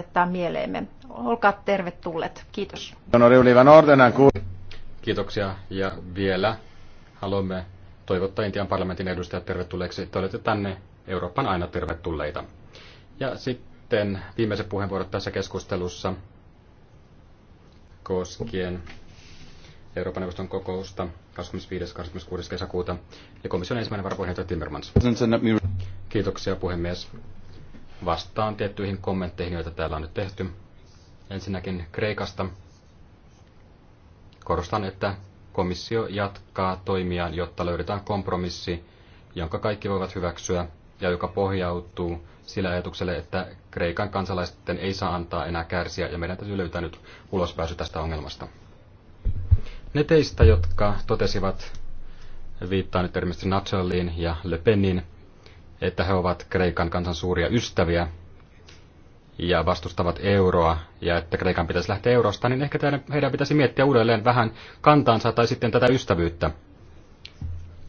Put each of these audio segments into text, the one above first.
ottaa mieleemme. Olkaa tervetulleet. Kiitos. Kiitoksia ja vielä haluamme toivottaa Intian parlamentin edustajat tervetulleeksi. Te olette tänne Euroopan aina tervetulleita. Ja sitten viimeiset puheenvuorot tässä keskustelussa koskien Euroopan neuvoston kokousta 25.–26. kesäkuuta ja komission ensimmäinen varapuheenjohtaja Timmermans. Kiitoksia puhemies vastaan tiettyihin kommentteihin, joita täällä on nyt tehty. Ensinnäkin Kreikasta. Korostan, että komissio jatkaa toimiaan, jotta löydetään kompromissi, jonka kaikki voivat hyväksyä ja joka pohjautuu sillä ajatukselle, että Kreikan kansalaisten ei saa antaa enää kärsiä ja meidän täytyy löytää nyt ulospääsy tästä ongelmasta. Ne teistä, jotka totesivat, viittaan nyt erityisesti Natsaliin ja Le Penin, että he ovat Kreikan kansan suuria ystäviä ja vastustavat euroa ja että Kreikan pitäisi lähteä eurosta, niin ehkä teidän, heidän pitäisi miettiä uudelleen vähän kantaansa tai sitten tätä ystävyyttä.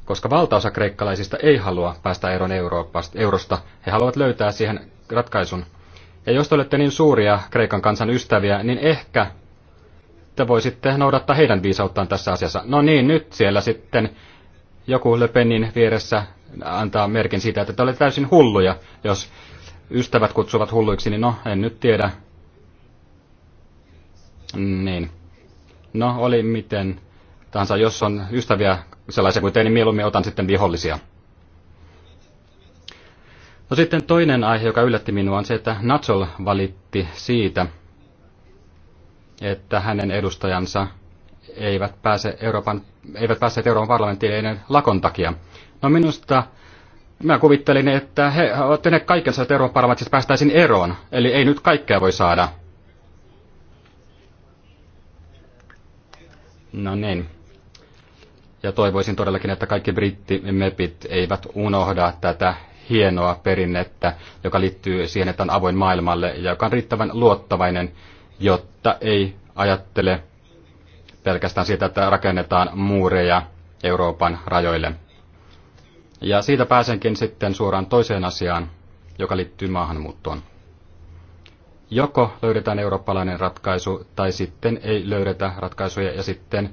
Koska valtaosa kreikkalaisista ei halua päästä eroon Euroopasta, eurosta, he haluavat löytää siihen ratkaisun. Ja jos te olette niin suuria Kreikan kansan ystäviä, niin ehkä te voisitte noudattaa heidän viisauttaan tässä asiassa. No niin, nyt siellä sitten joku Löpenin vieressä antaa merkin siitä, että te olette täysin hulluja. Jos ystävät kutsuvat hulluiksi, niin no, en nyt tiedä. Niin. No, oli miten tahansa. Jos on ystäviä sellaisia kuin te, niin mieluummin otan sitten vihollisia. No sitten toinen aihe, joka yllätti minua, on se, että Natsol valitti siitä, että hänen edustajansa eivät, pääse Euroopan, eivät päässeet Euroopan parlamenttiin ennen lakon takia. No minusta Mä kuvittelin, että he ovat tehneet kaikensa, että Euroopan parlamentissa päästäisiin eroon. Eli ei nyt kaikkea voi saada. No niin. Ja toivoisin todellakin, että kaikki brittimepit eivät unohda tätä hienoa perinnettä, joka liittyy siihen, että on avoin maailmalle ja joka on riittävän luottavainen, jotta ei ajattele pelkästään siitä, että rakennetaan muureja Euroopan rajoille. Ja siitä pääsenkin sitten suoraan toiseen asiaan, joka liittyy maahanmuuttoon. Joko löydetään eurooppalainen ratkaisu, tai sitten ei löydetä ratkaisuja, ja sitten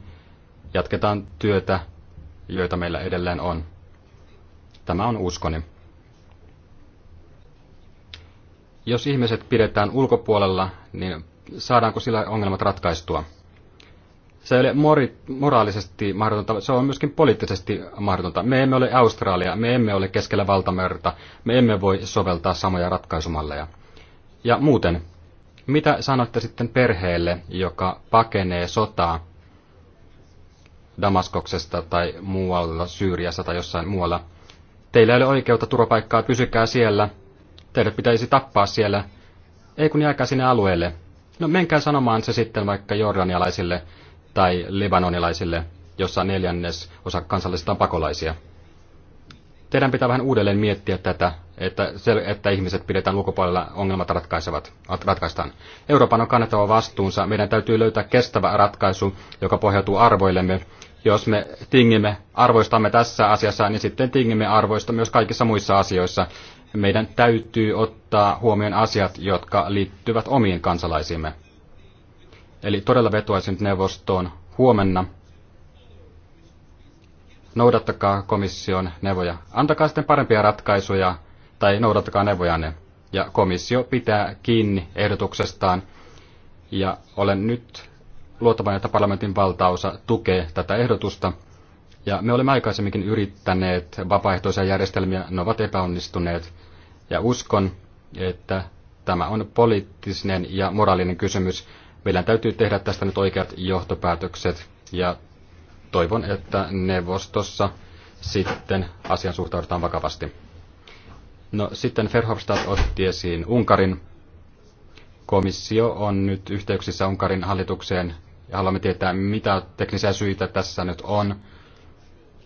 jatketaan työtä, joita meillä edelleen on. Tämä on uskoni. Jos ihmiset pidetään ulkopuolella, niin saadaanko sillä ongelmat ratkaistua? Se ei ole mori, moraalisesti mahdotonta, se on myöskin poliittisesti mahdotonta. Me emme ole Australia, me emme ole keskellä valtamerta, me emme voi soveltaa samoja ratkaisumalleja. Ja muuten, mitä sanotte sitten perheelle, joka pakenee sotaa Damaskoksesta tai muualla Syyriassa tai jossain muualla? Teillä ei ole oikeutta turvapaikkaa, pysykää siellä. Teidät pitäisi tappaa siellä. Ei kun jääkää sinne alueelle. No menkää sanomaan se sitten vaikka jordanialaisille tai libanonilaisille, jossa neljännes osa kansallisista pakolaisia. Teidän pitää vähän uudelleen miettiä tätä, että, se, että ihmiset pidetään ulkopuolella ongelmat ratkaisevat, ratkaistaan. Euroopan on kannettava vastuunsa. Meidän täytyy löytää kestävä ratkaisu, joka pohjautuu arvoillemme. Jos me tingimme arvoistamme tässä asiassa, niin sitten tingimme arvoista myös kaikissa muissa asioissa. Meidän täytyy ottaa huomioon asiat, jotka liittyvät omiin kansalaisiimme. Eli todella vetoaisin neuvostoon huomenna. Noudattakaa komission neuvoja. Antakaa sitten parempia ratkaisuja tai noudattakaa neuvojanne. Ja komissio pitää kiinni ehdotuksestaan. Ja olen nyt luottavainen, että parlamentin valtaosa tukee tätä ehdotusta. Ja me olemme aikaisemminkin yrittäneet vapaaehtoisia järjestelmiä, ne ovat epäonnistuneet. Ja uskon, että tämä on poliittinen ja moraalinen kysymys, meidän täytyy tehdä tästä nyt oikeat johtopäätökset ja toivon, että neuvostossa sitten asian suhtaudutaan vakavasti. No sitten Verhofstadt otti esiin Unkarin. Komissio on nyt yhteyksissä Unkarin hallitukseen ja haluamme tietää, mitä teknisiä syitä tässä nyt on.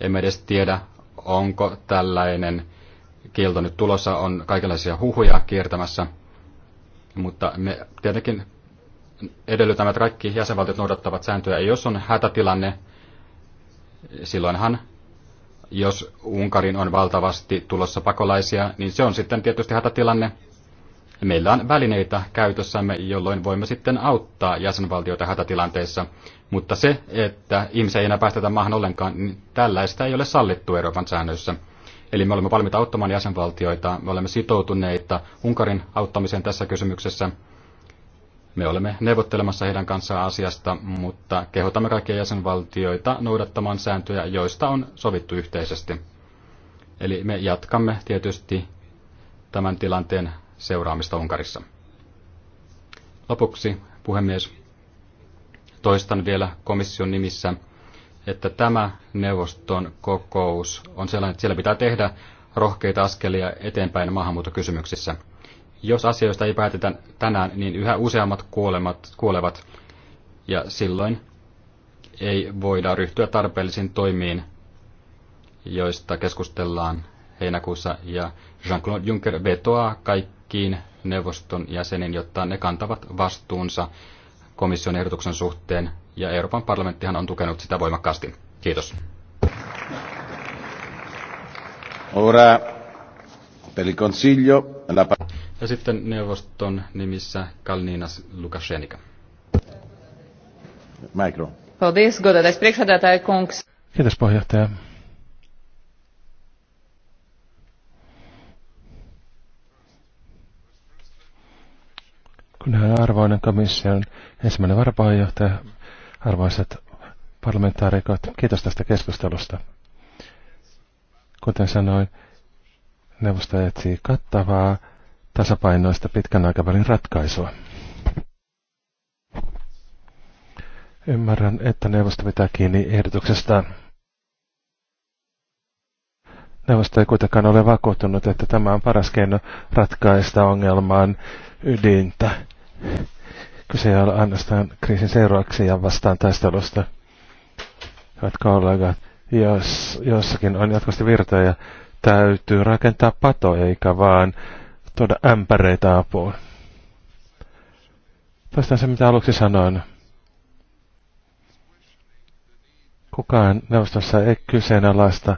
Emme edes tiedä, onko tällainen kielto nyt tulossa. On kaikenlaisia huhuja kiertämässä, mutta me tietenkin edellytämme, että kaikki jäsenvaltiot noudattavat sääntöjä. jos on hätätilanne, silloinhan, jos Unkarin on valtavasti tulossa pakolaisia, niin se on sitten tietysti hätätilanne. Meillä on välineitä käytössämme, jolloin voimme sitten auttaa jäsenvaltioita hätätilanteissa. Mutta se, että ihmisiä ei enää päästetä maahan ollenkaan, niin tällaista ei ole sallittu Euroopan säännöissä. Eli me olemme valmiita auttamaan jäsenvaltioita, me olemme sitoutuneita Unkarin auttamiseen tässä kysymyksessä – me olemme neuvottelemassa heidän kanssaan asiasta, mutta kehotamme kaikkia jäsenvaltioita noudattamaan sääntöjä, joista on sovittu yhteisesti. Eli me jatkamme tietysti tämän tilanteen seuraamista Unkarissa. Lopuksi, puhemies, toistan vielä komission nimissä, että tämä neuvoston kokous on sellainen, että siellä pitää tehdä rohkeita askelia eteenpäin maahanmuuttokysymyksissä. Jos asioista ei päätetä tänään, niin yhä useammat kuolemat, kuolevat ja silloin ei voida ryhtyä tarpeellisiin toimiin, joista keskustellaan heinäkuussa ja Jean-Claude Juncker vetoaa kaikkiin neuvoston jäseniin, jotta ne kantavat vastuunsa komission ehdotuksen suhteen ja Euroopan parlamenttihan on tukenut sitä voimakkaasti. Kiitos. Ora per il consiglio la... Ja sitten neuvoston nimissä Kalninas Lukashenika. Mikro. Paldies, godātais priekšsēdētāja kungs. Kiitos, puheenjohtaja. Kun hän arvoinen komission ensimmäinen varapuheenjohtaja, arvoisat parlamentaarikot, kiitos tästä keskustelusta. Kuten sanoin, neuvosto etsii kattavaa tasapainoista pitkän aikavälin ratkaisua. Ymmärrän, että neuvosto pitää kiinni ehdotuksestaan. Neuvosto ei kuitenkaan ole vakuuttunut, että tämä on paras keino ratkaista ongelmaan ydintä. Kyse ei ole ainoastaan kriisin seurauksi ja vastaan taistelusta. Hyvät kollegat, jos jossakin on jatkuvasti virtoja, täytyy rakentaa patoja eikä vaan tuoda ämpäreitä apuun. Päästään se, mitä aluksi sanoin. Kukaan neuvostossa ei kyseenalaista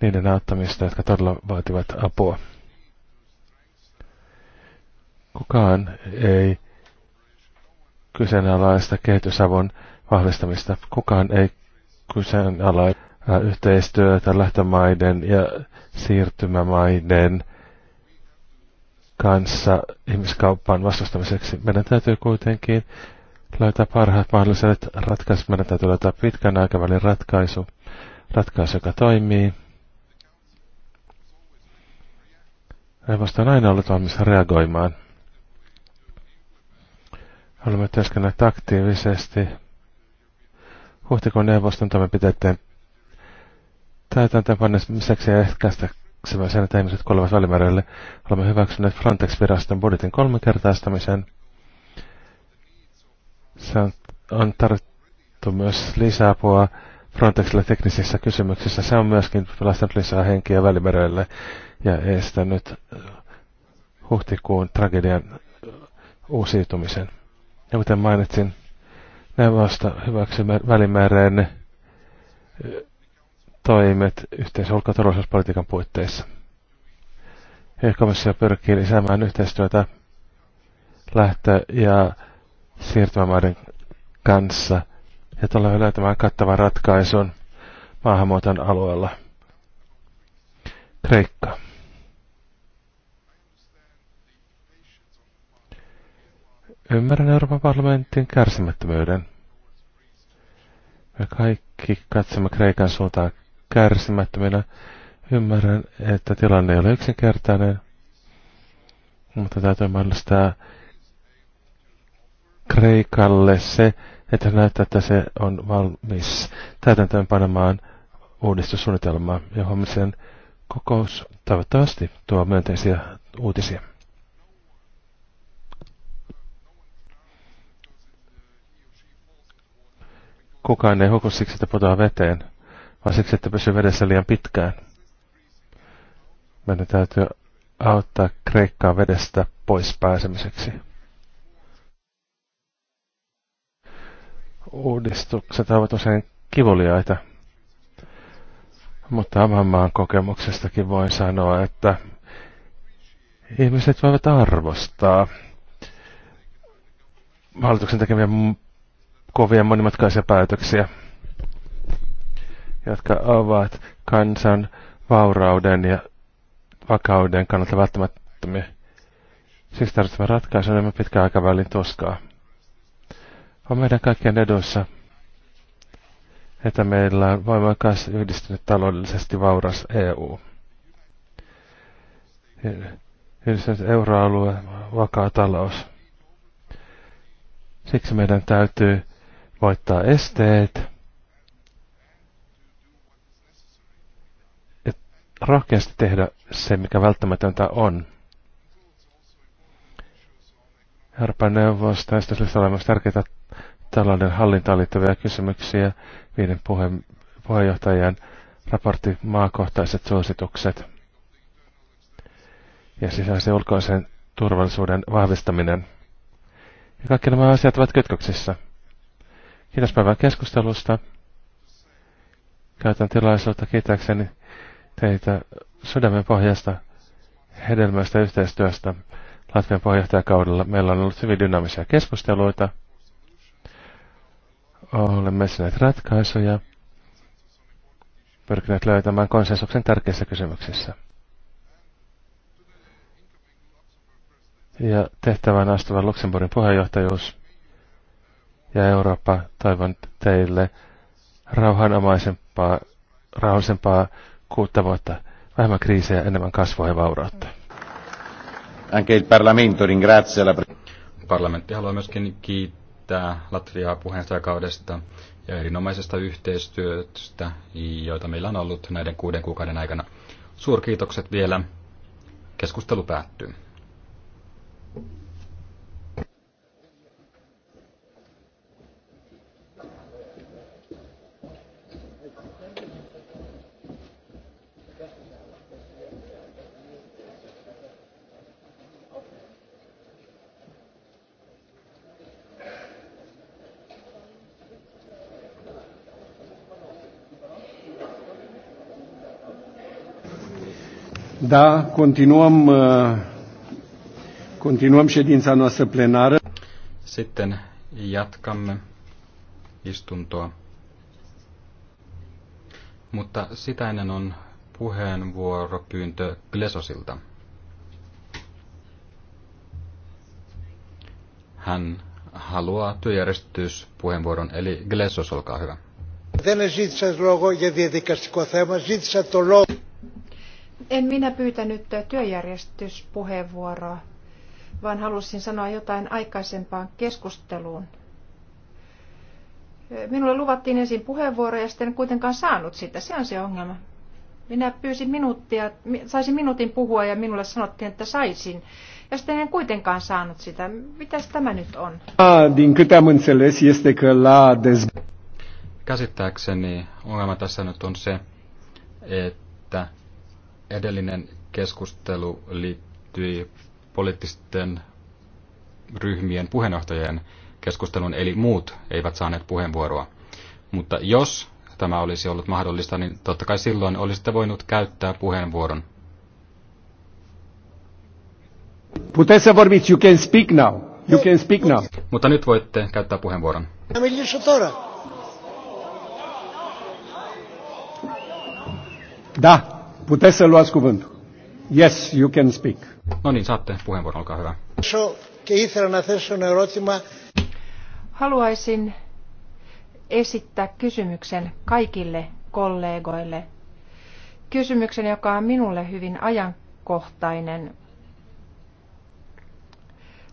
niiden auttamista, jotka todella vaativat apua. Kukaan ei kyseenalaista kehitysavun vahvistamista. Kukaan ei kyseenalaista yhteistyötä lähtömaiden ja siirtymämaiden kanssa ihmiskauppaan vastustamiseksi. Meidän täytyy kuitenkin löytää parhaat mahdolliset ratkaisut. Meidän täytyy löytää pitkän aikavälin ratkaisu, ratkaisu joka toimii. Neuvosto on aina ollut valmis reagoimaan. Haluamme työskennellä aktiivisesti huhtikuun neuvoston toimenpiteiden täytäntöönpanemiseksi ja ehkäistä hyväksymään sen, että ihmiset kuolevat välimerelle. Olemme hyväksyneet Frontex-viraston budjetin kolminkertaistamisen. Se on, on tarvittu myös lisäapua Frontexille teknisissä kysymyksissä. Se on myöskin pelastanut lisää henkiä välimerelle ja estänyt äh, huhtikuun tragedian äh, uusiutumisen. Ja kuten mainitsin, neuvosta hyväksymme välimereen äh, toimet yhteisen ulko- ja puitteissa. EU-komissio pyrkii lisäämään yhteistyötä lähtö- ja siirtymämaiden kanssa ja tulee löytämään kattavan ratkaisun maahanmuuton alueella. Kreikka. Ymmärrän Euroopan parlamentin kärsimättömyyden. Me kaikki katsomme Kreikan suuntaan kärsimättöminä. Ymmärrän, että tilanne ei ole yksinkertainen, mutta täytyy mahdollistaa Kreikalle se, että näyttää, että se on valmis täytäntöönpanemaan uudistussuunnitelmaa ja huomisen kokous toivottavasti tuo myönteisiä uutisia. Kukaan ei huku siksi, että putoaa veteen vaan siksi, että pysyy vedessä liian pitkään. Meidän täytyy auttaa Kreikkaa vedestä pois pääsemiseksi. Uudistukset ovat usein kivuliaita, mutta oman maan kokemuksestakin voin sanoa, että ihmiset voivat arvostaa hallituksen tekemiä kovia monimutkaisia päätöksiä jotka ovat kansan vaurauden ja vakauden kannalta välttämättömiä. Siksi tarvitsemme ratkaisuja enemmän pitkän aikavälin tuskaa. On meidän kaikkien edussa, että meillä on voimakas yhdistynyt taloudellisesti vauras EU. Yhdistynyt euroalue, vakaa talous. Siksi meidän täytyy voittaa esteet, rohkeasti tehdä se, mikä välttämätöntä on. Euroopan tästä esityslistalla on myös tärkeitä talouden hallintaan liittyviä kysymyksiä, viiden puhe, puheenjohtajan raportti maakohtaiset suositukset ja sisäisen ulkoisen turvallisuuden vahvistaminen. Ja kaikki nämä asiat ovat kytköksissä. Kiitos päivän keskustelusta. Käytän tilaisuutta kiittääkseni teitä sydämen pohjasta hedelmästä yhteistyöstä Latvian puheenjohtajakaudella. Meillä on ollut hyvin dynaamisia keskusteluita. Olemme sinneet ratkaisuja, pyrkineet löytämään konsensuksen tärkeissä kysymyksissä. Ja tehtävän astuva Luxemburgin puheenjohtajuus ja Eurooppa toivon teille rauhanomaisempaa, rauhallisempaa kuutta vuotta. Vähemmän kriisejä, enemmän kasvua ja vaurautta. Anche il Parlamento ringrazia la... Parlamentti haluaa myöskin kiittää Latviaa puheenjohtajakaudesta ja erinomaisesta yhteistyöstä, joita meillä on ollut näiden kuuden kuukauden aikana. Suurkiitokset vielä. Keskustelu päättyy. Da, continuăm, uh, continuăm ședința noastră plenară. Sitten jatkamme istuntoa. Mutta sitä ennen on puheenvuoropyyntö Glesosilta. Hän haluaa työjärjestyspuheenvuoron, eli Glesos, olkaa hyvä. Δεν ζήτησα λόγο για διαδικαστικό θέμα, ζήτησα το λόγο. En minä pyytänyt työjärjestyspuheenvuoroa, vaan halusin sanoa jotain aikaisempaan keskusteluun. Minulle luvattiin ensin puheenvuoro ja sitten en kuitenkaan saanut sitä. Se on se ongelma. Minä pyysin minuuttia, saisin minuutin puhua ja minulle sanottiin, että saisin. Ja sitten en kuitenkaan saanut sitä. Mitäs tämä nyt on? Ah, din înțeles este că la Käsittääkseni ongelma tässä nyt on se, että Edellinen keskustelu liittyi poliittisten ryhmien puheenjohtajien keskustelun, eli muut eivät saaneet puheenvuoroa. Mutta jos tämä olisi ollut mahdollista, niin totta kai silloin olisitte voinut käyttää puheenvuoron. Putessa vorbiți, you can speak now. You can speak now. Mutta nyt voitte käyttää puheenvuoron. Da. Puteți să luați cuvântul. Yes, you can speak. No niin, saatte puheenvuoron, olkaa hyvä. Haluaisin esittää kysymyksen kaikille kollegoille. Kysymyksen, joka on minulle hyvin ajankohtainen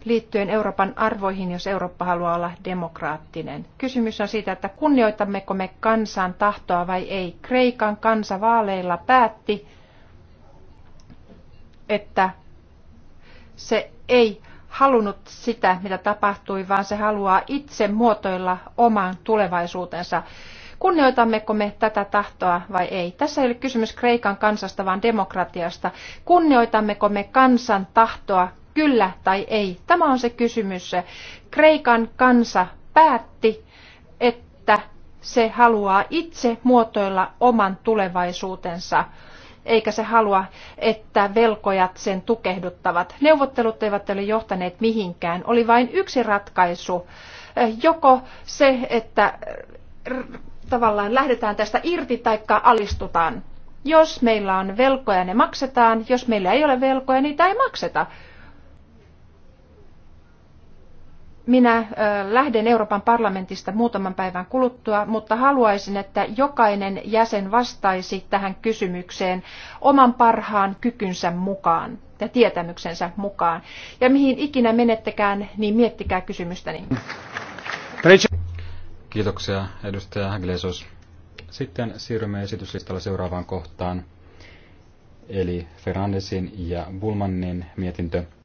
liittyen Euroopan arvoihin, jos Eurooppa haluaa olla demokraattinen. Kysymys on siitä, että kunnioitammeko me kansan tahtoa vai ei. Kreikan kansa vaaleilla päätti, että se ei halunnut sitä, mitä tapahtui, vaan se haluaa itse muotoilla oman tulevaisuutensa. Kunnioitammeko me tätä tahtoa vai ei? Tässä ei ole kysymys Kreikan kansasta, vaan demokratiasta. Kunnioitammeko me kansan tahtoa kyllä tai ei. Tämä on se kysymys. Kreikan kansa päätti, että se haluaa itse muotoilla oman tulevaisuutensa, eikä se halua, että velkojat sen tukehduttavat. Neuvottelut eivät ole johtaneet mihinkään. Oli vain yksi ratkaisu. Joko se, että tavallaan lähdetään tästä irti tai alistutaan. Jos meillä on velkoja, ne maksetaan. Jos meillä ei ole velkoja, niitä ei makseta. Minä lähden Euroopan parlamentista muutaman päivän kuluttua, mutta haluaisin, että jokainen jäsen vastaisi tähän kysymykseen oman parhaan kykynsä mukaan ja tietämyksensä mukaan. Ja mihin ikinä menettekään, niin miettikää kysymystäni. Kiitoksia edustaja Glesos. Sitten siirrymme esityslistalla seuraavaan kohtaan, eli Fernandesin ja Bulmannin mietintö